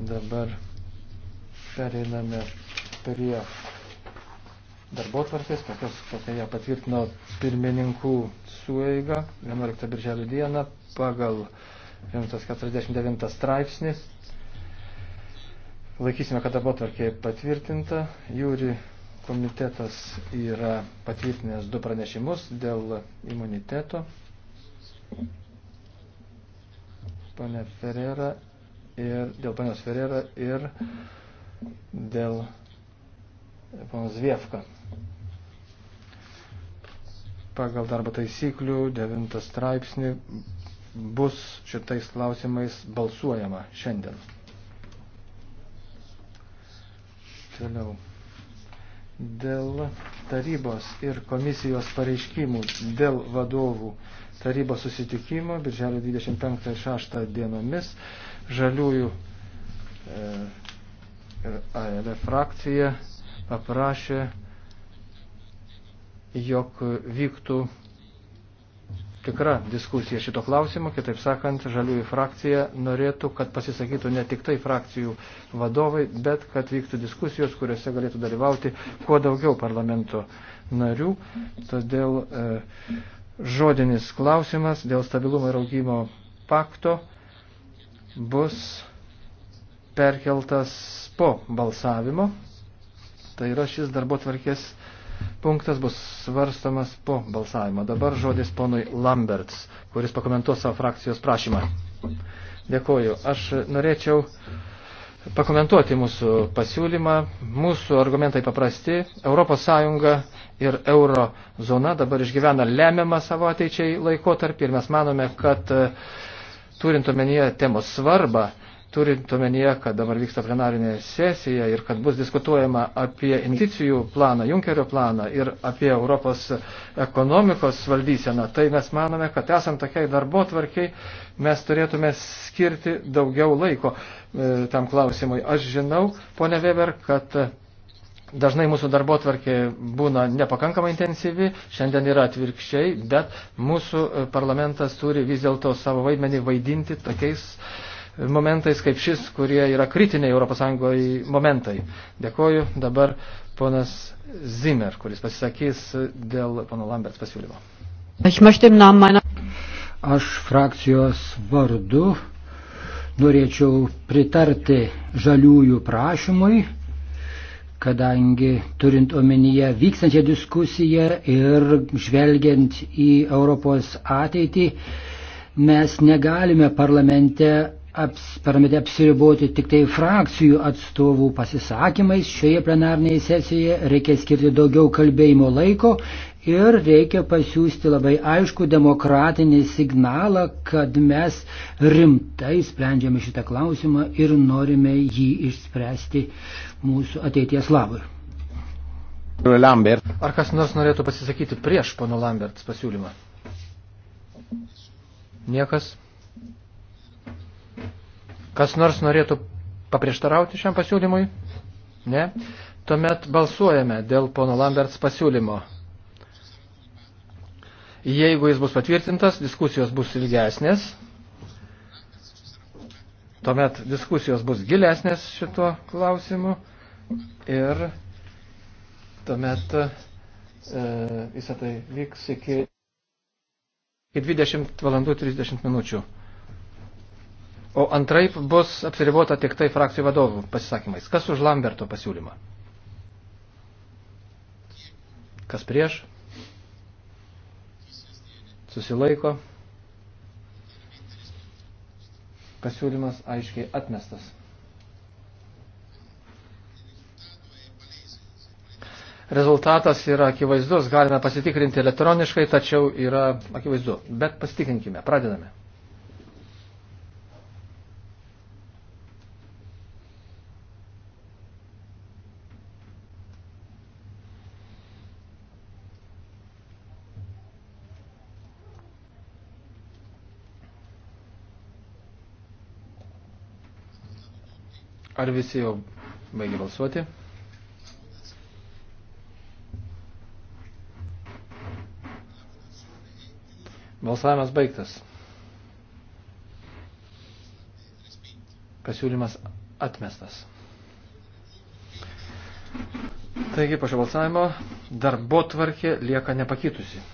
Dabar pereiname prie darbo tvarkės, kokios, kokią ją patvirtino pirmininkų sueiga 11 birželio dieną pagal 149 straipsnis. Laikysime, kad darbo tvarkė patvirtinta. Jūri komitetas yra patvirtinęs du pranešimus dėl imuniteto. Pane Ferrera ir dėl ponios Ferrera ir dėl ponos Vievka. Pagal darbo taisyklių 9 straipsnį bus šitais klausimais balsuojama šiandien. Toliau. Dėl tarybos ir komisijos pareiškimų dėl vadovų tarybos susitikimo birželio 25 ir 6 dienomis žaliųjų e, ir ALE frakcija paprašė, jog vyktų tikra diskusija šito klausimu. Kitaip sakant, žaliųjų frakcija norėtų, kad pasisakytų ne tik tai frakcijų vadovai, bet kad vyktų diskusijos, kuriuose galėtų dalyvauti kuo daugiau parlamento narių. Todėl e, žodinis klausimas dėl stabilumo ir augimo pakto bus perkeltas po balsavimo. Tai yra šis darbo tvarkės punktas bus svarstamas po balsavimo. Dabar žodis ponui Lamberts, kuris pakomentuos savo frakcijos prašymą. Dėkoju. Aš norėčiau pakomentuoti mūsų pasiūlymą. Mūsų argumentai paprasti. ES ir euro zona dabar išgyvena lemiamą savo ateičiai laikotarpį ir mes manome, kad e, turint omenyje temos svarbą, turint omenyje, kad dabar vyksta plenarinė sesija ir kad bus diskutuojama apie investicijų planą, Junkerio planą ir apie Europos ekonomikos valdyseną, tai mes manome, kad esant tokiai darbo tvarkiai mes turėtume skirti daugiau laiko e, tam klausimui. Aš žinau, ponia Weber, kad Dažnai mūsų darbo tvarkė būna nepakankamai intensyvi, šiandien yra atvirkščiai, bet mūsų e, parlamentas turi vis dėlto savo vaidmenį vaidinti tokiais uh, momentais kaip šis, kurie yra kritiniai ES momentai. Dėkoju dabar ponas Zimmer, kuris pasisakys dėl pono Lamberts pasiūlymo. Aš frakcijos vardu norėčiau pritarti žaliųjų prašymui, kadangi turint omenyje vykstančią diskusiją ir žvelgiant į Europos ateitį, mes negalime parlamente aps, paramedė apsiriboti tik tai frakcijų atstovų pasisakymais. Šioje plenarnėje sesijoje reikia skirti daugiau kalbėjimo laiko ir reikia pasiūsti labai aišku demokratinį signalą, kad mes rimtai sprendžiame šitą klausimą ir norime jį išspręsti mūsų ateities labui. Lambert. Ar kas nors norėtų pasisakyti prieš pono Lamberts pasiūlymą? Niekas? Kas nors norėtų paprieštarauti šiam pasiūlymui? Ne? Tuomet balsuojame dėl pono Lamberts pasiūlymo. Jeigu jis bus patvirtintas, diskusijos bus ilgesnės. Tuomet diskusijos bus gilesnės šituo klausimu ir tuomet e, visą tai vyks iki 20 valandų 30 minučių o antraip bus apsiribota tik tai frakcijų vadovų pasisakymais. Kas už Lamberto pasiūlymą? Kas prieš? Susilaiko. Pasiūlymas aiškiai atmestas. Rezultatas yra akivaizdus, galime pasitikrinti elektroniškai, tačiau yra akivaizdu. Bet pasitikrinkime, pradedame. Ar visi jau baigė balsuoti? Balsavimas baigtas. Pasiūlymas atmestas. Taigi, po šio balsavimo darbo tvarkė lieka nepakitusi.